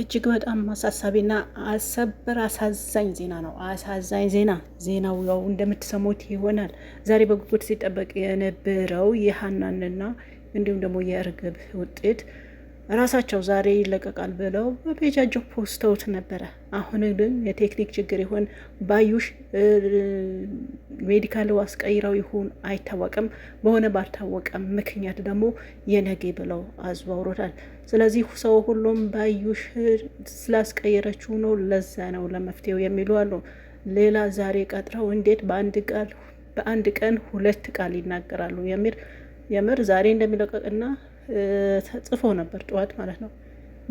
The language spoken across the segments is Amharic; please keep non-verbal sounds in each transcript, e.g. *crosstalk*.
እጅግ በጣም አሳሳቢና አሰብር አሳዛኝ ዜና ነው። አሳዛኝ ዜና ዜናው ያው እንደምትሰሙት ይሆናል። ዛሬ በጉጉት ሲጠበቅ የነበረው የሀናንና እንዲሁም ደግሞ የእርግብ ውጤት ራሳቸው ዛሬ ይለቀቃል ብለው በፔጃቸው ፖስተውት ነበረ። አሁን ግን የቴክኒክ ችግር ይሆን ባዩሽ ሜዲካል አስቀይረው ይሁን አይታወቅም። በሆነ ባልታወቀም ምክንያት ደግሞ የነገ ብለው አዘዋውሮታል። ስለዚህ ሰው ሁሉም ባዩሽ ስላስቀየረችው ነው፣ ለዛ ነው ለመፍትሄው የሚሉ አሉ። ሌላ ዛሬ ቀጥረው እንዴት በአንድ ቃል በአንድ ቀን ሁለት ቃል ይናገራሉ የሚል የምር ዛሬ እንደሚለቀቅና ጽፎ ነበር ጠዋት ማለት ነው።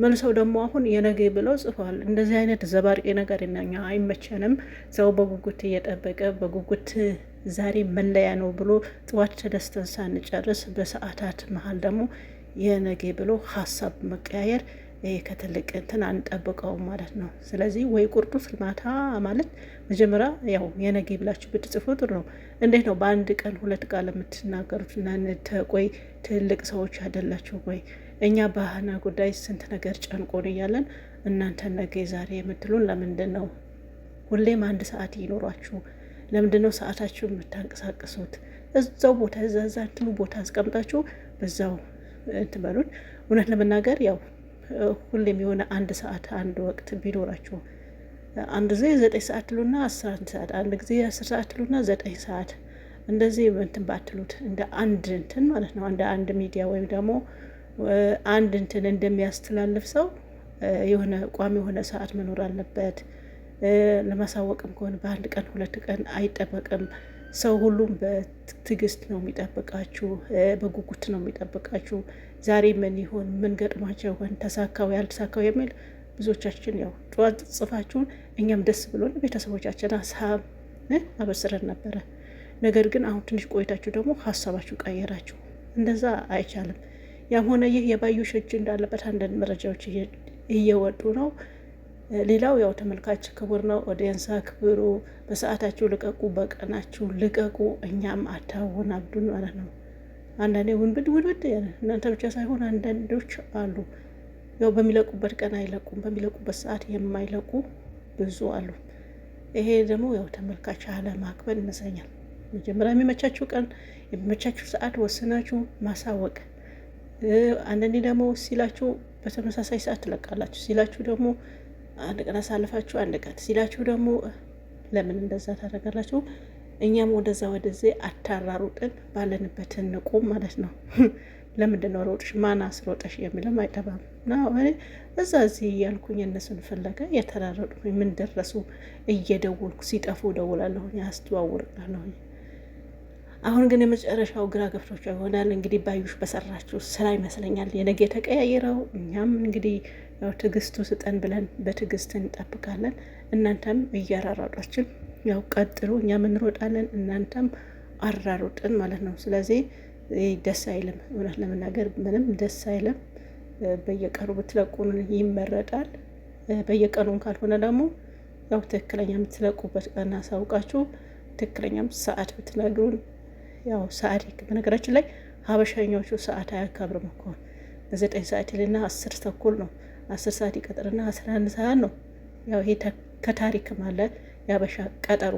መልሰው ደግሞ አሁን የነገ ብለው ጽፈዋል። እንደዚህ አይነት ዘባርቄ ነገር እኛ አይመቸንም። ሰው በጉጉት እየጠበቀ በጉጉት ዛሬ መለያ ነው ብሎ ጥዋት ተደስተን ሳንጨርስ በሰዓታት መሀል ደግሞ የነገ ብሎ ሀሳብ መቀያየር ይሄ ከትልቅ እንትን አንጠብቀውም ማለት ነው። ስለዚህ ወይ ቁርጡ ፍልማታ ማለት መጀመሪያ ያው የነገ ብላችሁ ብትጽፉ ጥሩ ነው። እንዴት ነው በአንድ ቀን ሁለት ቃል የምትናገሩት? እናንተ ቆይ ትልቅ ሰዎች አይደላችሁ ወይ? እኛ ባህና ጉዳይ ስንት ነገር ጨንቆን እያለን እናንተ ነገ ዛሬ የምትሉን ለምንድን ነው? ሁሌም አንድ ሰዓት ይኖሯችሁ ለምንድን ነው ሰዓታችሁ የምታንቀሳቅሱት? እዛው ቦታ እዛዛ እንትኑ ቦታ አስቀምጣችሁ በዛው እንትን በሉን። እውነት ለመናገር ያው ሁሌም የሆነ አንድ ሰዓት አንድ ወቅት ቢኖራችሁ አንድ ጊዜ ዘጠኝ ሰዓት ትሉና አስራ አንድ ሰዓት አንድ ጊዜ አስር ሰዓት ትሉና ዘጠኝ ሰዓት እንደዚህ እንትን ባትሉት እንደ አንድ እንትን ማለት ነው እንደ አንድ ሚዲያ ወይም ደግሞ አንድ እንትን እንደሚያስተላልፍ ሰው የሆነ ቋሚ የሆነ ሰዓት መኖር አለበት። ለማሳወቅም ከሆነ በአንድ ቀን ሁለት ቀን አይጠበቅም። ሰው ሁሉም በትግስት ነው የሚጠብቃችሁ፣ በጉጉት ነው የሚጠብቃችሁ። ዛሬ ምን ይሆን ምን ገጥማቸው ይሆን ተሳካው ያልተሳካው የሚል ብዙዎቻችን ያው ጠዋት ጽፋችሁን እኛም ደስ ብሎን ቤተሰቦቻችን ሀሳብ አበስረን ነበረ። ነገር ግን አሁን ትንሽ ቆይታችሁ ደግሞ ሀሳባችሁ ቀየራችሁ። እንደዛ አይቻልም። ያም ሆነ ይህ የባዩሽ እጅ እንዳለበት አንዳንድ መረጃዎች እየወጡ ነው። ሌላው ያው ተመልካች ክቡር ነው። ኦዲየንስ ክብሩ በሰዓታችሁ ልቀቁ፣ በቀናችሁ ልቀቁ። እኛም አታውን አብዱን ማለት ነው። አንዳንዴ ውንብድ ውንብድ እናንተ ብቻ ሳይሆን አንዳንዶች አሉ። ያው በሚለቁበት ቀን አይለቁም፣ በሚለቁበት ሰዓት የማይለቁ ብዙ አሉ። ይሄ ደግሞ ያው ተመልካች አለማክበር ይመስለኛል። መጀመሪያ የሚመቻችሁ ቀን የሚመቻችሁ ሰዓት ወስናችሁ ማሳወቅ። አንዳንዴ ደግሞ ሲላችሁ በተመሳሳይ ሰዓት ትለቃላችሁ፣ ሲላችሁ ደግሞ አንድ ቀን አሳልፋችሁ አንድ ቀን ሲላችሁ ደግሞ ለምን እንደዛ ታደርጋላችሁ? እኛም ወደዛ ወደዚህ አታራሩጥን፣ ባለንበት ንቁም ማለት ነው። *laughs* ለምንድን ነው ሮጥሽ? ማን አስሮጠሽ? የሚለም አይጠባም እና እዛ እዚህ እያልኩኝ እነሱን ፍለጋ የተራረጡ ምን ደረሱ እየደወልኩ ሲጠፉ ደውላለሁ፣ አስተዋውርላለሁ። አሁን ግን የመጨረሻው ግራ ገብቶች ይሆናል። እንግዲህ ባዩሽ በሰራችው ስራ ይመስለኛል የነገ የተቀያየረው። እኛም እንግዲህ ያው ትዕግስቱ ስጠን ብለን በትዕግስት እንጠብቃለን። እናንተም እያራራጧችን ያው ቀጥሉ፣ እኛም እንሮጣለን፣ እናንተም አራሩጥን ማለት ነው። ስለዚህ ደስ አይልም፣ እውነት ለመናገር ምንም ደስ አይልም። በየቀኑ ብትለቁን ይመረጣል። በየቀኑን ካልሆነ ደግሞ ያው ትክክለኛ የምትለቁበት ቀን አሳውቃችሁ ትክክለኛም ሰዓት ብትነግሩን ያው ሰዓት በነገራችን ላይ ሀበሻኛዎቹ ሰዓት አያከብርም እኮ ዘጠኝ ሰዓት ይልና አስር ተኩል ነው አስር ሰዓት ይቀጥርና አስራ አንድ ሰዓት ነው። ያው ይሄ ከታሪክም አለ የሀበሻ ቀጠሩ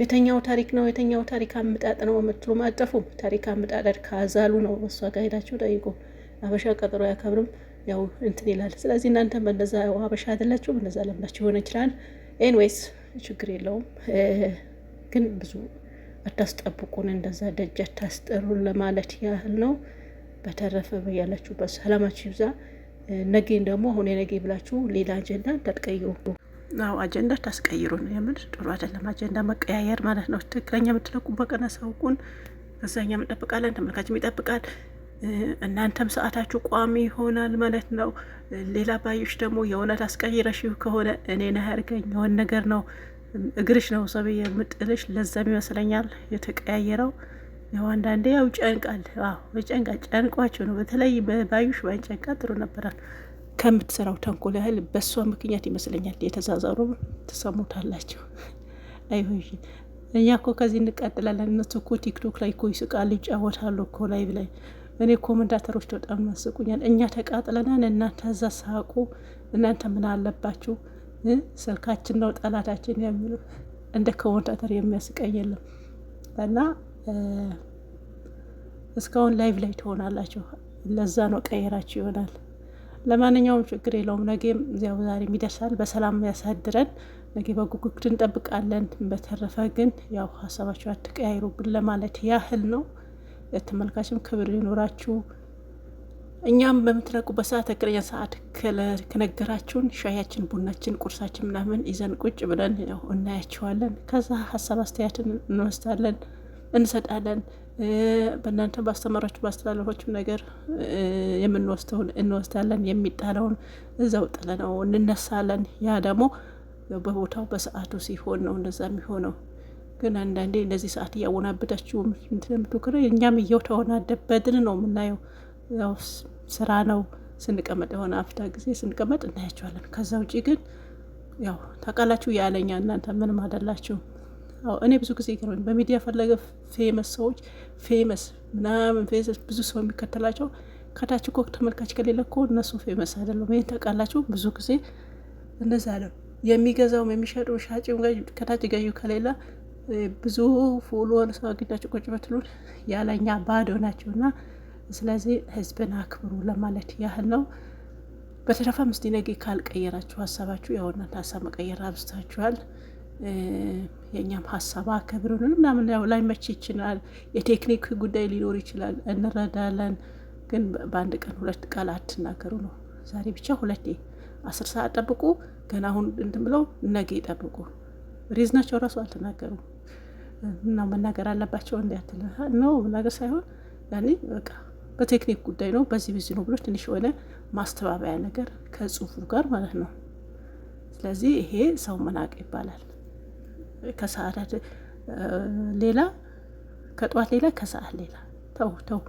የተኛው ታሪክ ነው የተኛው ታሪክ አምጣጥ ነው የምትሉም ማጠፉ ታሪክ አምጣጠድ ከአዛሉ ነው። እሷ ጋር ሄዳችሁ ጠይቁ። ሀበሻ ቀጠሮ አያከብርም ያው እንትን ይላል። ስለዚህ እናንተ በነዛ ሀበሻ አይደላችሁም፣ እነዛ ለምዳችሁ ሊሆን ይችላል። ኤንዌይስ ችግር የለውም ግን ብዙ አታስጠብቁን፣ እንደዛ ደጅ አታስጠሩን ለማለት ያህል ነው። በተረፈ ያላችሁበት ሰላማችሁ ይብዛ። ነገን ደግሞ አሁን የነገ ብላችሁ ሌላ አጀንዳ እንዳትቀይሩ። አዎ አጀንዳ ታስቀይሩ ነው። የምር ጥሩ አይደለም አጀንዳ መቀያየር ማለት ነው። ትክክለኛ የምትለቁ በቀን አሳውቁን። እዛኛም እንጠብቃለን፣ ተመልካችም ይጠብቃል። እናንተም ሰዓታችሁ ቋሚ ይሆናል ማለት ነው። ሌላ ባዮች ደግሞ የእውነት አስቀይረሽ ከሆነ እኔ ነህ ያርገኝ የሆን ነገር ነው እግርሽ ነው ሰብ የምጥልሽ። ለዛም ይመስለኛል የተቀያየረው። ያው አንዳንዴ ያው ጨንቃል። አዎ ጨንቃል፣ ጨንቋቸው ነው። በተለይ በባዩሽ ባንጨንቃ ጥሩ ነበራል። ከምትሰራው ተንኮል ያህል በእሷ ምክንያት ይመስለኛል የተዛዛሩ ትሰሙታላቸው። አይሆሽ እኛ እኮ ከዚህ እንቀጥላለን። እነሱ እኮ ቲክቶክ ላይ እኮ ይስቃሉ፣ ይጫወታሉ እኮ ላይ ብላይ እኔ ኮመንታተሮች በጣም ያስቁኛል። እኛ ተቃጥለናል፣ እናንተ እዛ ሳቁ። እናንተ ምን አለባችሁ? ስልካችን ነው ጠላታችን የሚሉ እንደ ኮመንታተር የሚያስቀኝ የለም። እና እስካሁን ላይቭ ላይ ትሆናላችሁ። ለዛ ነው ቀየራችሁ ይሆናል። ለማንኛውም ችግር የለውም። ነገም እዚያው ዛሬም ይደርሳል። በሰላም ያሳድረን። ነገ በጉጉት እንጠብቃለን። በተረፈ ግን ያው ሀሳባችሁ አትቀያይሩብን ለማለት ያህል ነው። ተመልካችም ክብር ይኖራችሁ። እኛም በምትነቁበት ሰዓት ትክክለኛ ሰዓት ከነገራችሁን ሻያችን፣ ቡናችን፣ ቁርሳችን ምናምን ይዘን ቁጭ ብለን ያው ከዛ ሀሳብ አስተያየትን እንወስዳለን፣ እንሰጣለን። በእናንተ ባስተማራችሁ ባስተላለፋችሁ ነገር የምንወስደውን እንወስዳለን፣ የሚጣለውን እዛው ጥለነው እንነሳለን። ያ ደግሞ በቦታው በሰዓቱ ሲሆን ነው እንደዛ የሚሆነው። ግን አንዳንዴ እንደዚህ ሰዓት እያወናበዳችሁ ምትምቱ እኛም እየው ነው የምናየው ያውስ ስራ ነው ስንቀመጥ የሆነ አፍታ ጊዜ ስንቀመጥ እናያቸዋለን። ከዛ ውጭ ግን ያው ታውቃላችሁ ያለኛ እናንተ ምንም አይደላችሁም። አዎ እኔ ብዙ ጊዜ ይገርመኝ በሚዲያ ፈለገ ፌመስ ሰዎች ፌመስ ምናምን ፌመስ ብዙ ሰው የሚከተላቸው ከታች እኮ ተመልካች ከሌለ እኮ እነሱ ፌመስ አይደለም። ይህን ታውቃላችሁ። ብዙ ጊዜ እንደዛ አለ። የሚገዛውም የሚሸጡ ሻጭም ከታች ገዢው ከሌለ ብዙ ፎሎወር ሰው አግኝታችሁ ቁጭ በትሉን ያለኛ ባዶ ናቸው እና ስለዚህ ህዝብን አክብሩ ለማለት ያህል ነው። በተረፈ ምስቲ ነገ ካልቀየራችሁ ሀሳባችሁ የሆነት ሀሳብ መቀየር አብዝታችኋል። የእኛም ሀሳብ አከብሩን ምናምን ላይ መች ይችላል። የቴክኒክ ጉዳይ ሊኖር ይችላል። እንረዳለን። ግን በአንድ ቀን ሁለት ቃል አትናገሩ ነው። ዛሬ ብቻ ሁለቴ አስር ሰዓት ጠብቁ፣ ገና አሁን እንትን ብለው ነገ ጠብቁ። ሪዝናቸው ራሱ አልተናገሩም እና መናገር አለባቸው እንዲያትል ነው ነገር ሳይሆን ያኔ በቃ በቴክኒክ ጉዳይ ነው፣ በዚህ በዚህ ነው ብሎ ትንሽ የሆነ ማስተባበያ ነገር ከጽሁፉ ጋር ማለት ነው። ስለዚህ ይሄ ሰው መናቅ ይባላል። ከሰዓታት ሌላ ከጠዋት ሌላ ከሰዓት ሌላ። ተው ተው።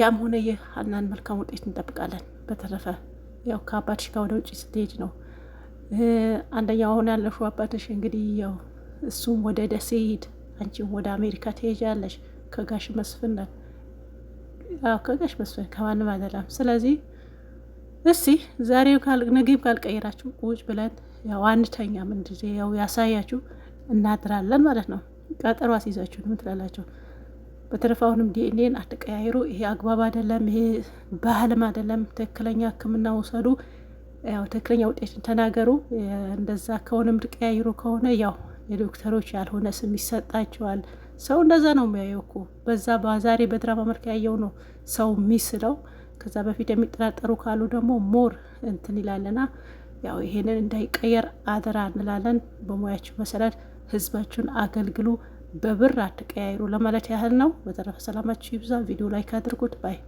ያም ሆነ ይህ ሀናን መልካም ውጤት እንጠብቃለን። በተረፈ ያው ከአባትሽ ጋር ወደ ውጭ ስትሄድ ነው አንደኛው። አሁን ያለሹ አባትሽ እንግዲህ ያው እሱም ወደ ደሴ ሂድ፣ አንቺም ወደ አሜሪካ ትሄጃለሽ ከጋሽ መስፍን ባወቀቀሽ በሱ ከማንም አይደለም። ስለዚህ እስቲ ዛሬው ነገም ካልቀይራችሁ ቁጭ ብለን ያው አንተኛም እንደዚህ ያው ያሳያችሁ እናድራለን ማለት ነው። ቀጠሮ አስይዛችሁ ምን ትላላችሁ? በተረፈ አሁንም ዲኤንኤን አትቀያይሩ። ይሄ አግባብ አይደለም፣ ይሄ ባህልም አይደለም። ትክክለኛ ሕክምና ውሰዱ። ያው ትክክለኛ ውጤትን ተናገሩ። እንደዛ ከሆነም ምትቀያይሩ ከሆነ ያው የዶክተሮች ያልሆነ ስም ይሰጣቸዋል። ሰው እንደዛ ነው የሚያየው እኮ በዛ ባዛሬ በድራማ መልክ ያየው ነው ሰው የሚስለው። ከዛ በፊት የሚጠራጠሩ ካሉ ደግሞ ሞር እንትን ይላለና ያው ይሄንን እንዳይቀየር አደራ እንላለን። በሙያችሁ መሰረት ህዝባችሁን አገልግሉ፣ በብር አትቀያይሩ ለማለት ያህል ነው። በተረፈ ሰላማችሁ ይብዛ። ቪዲዮ ላይክ አድርጉት ባይ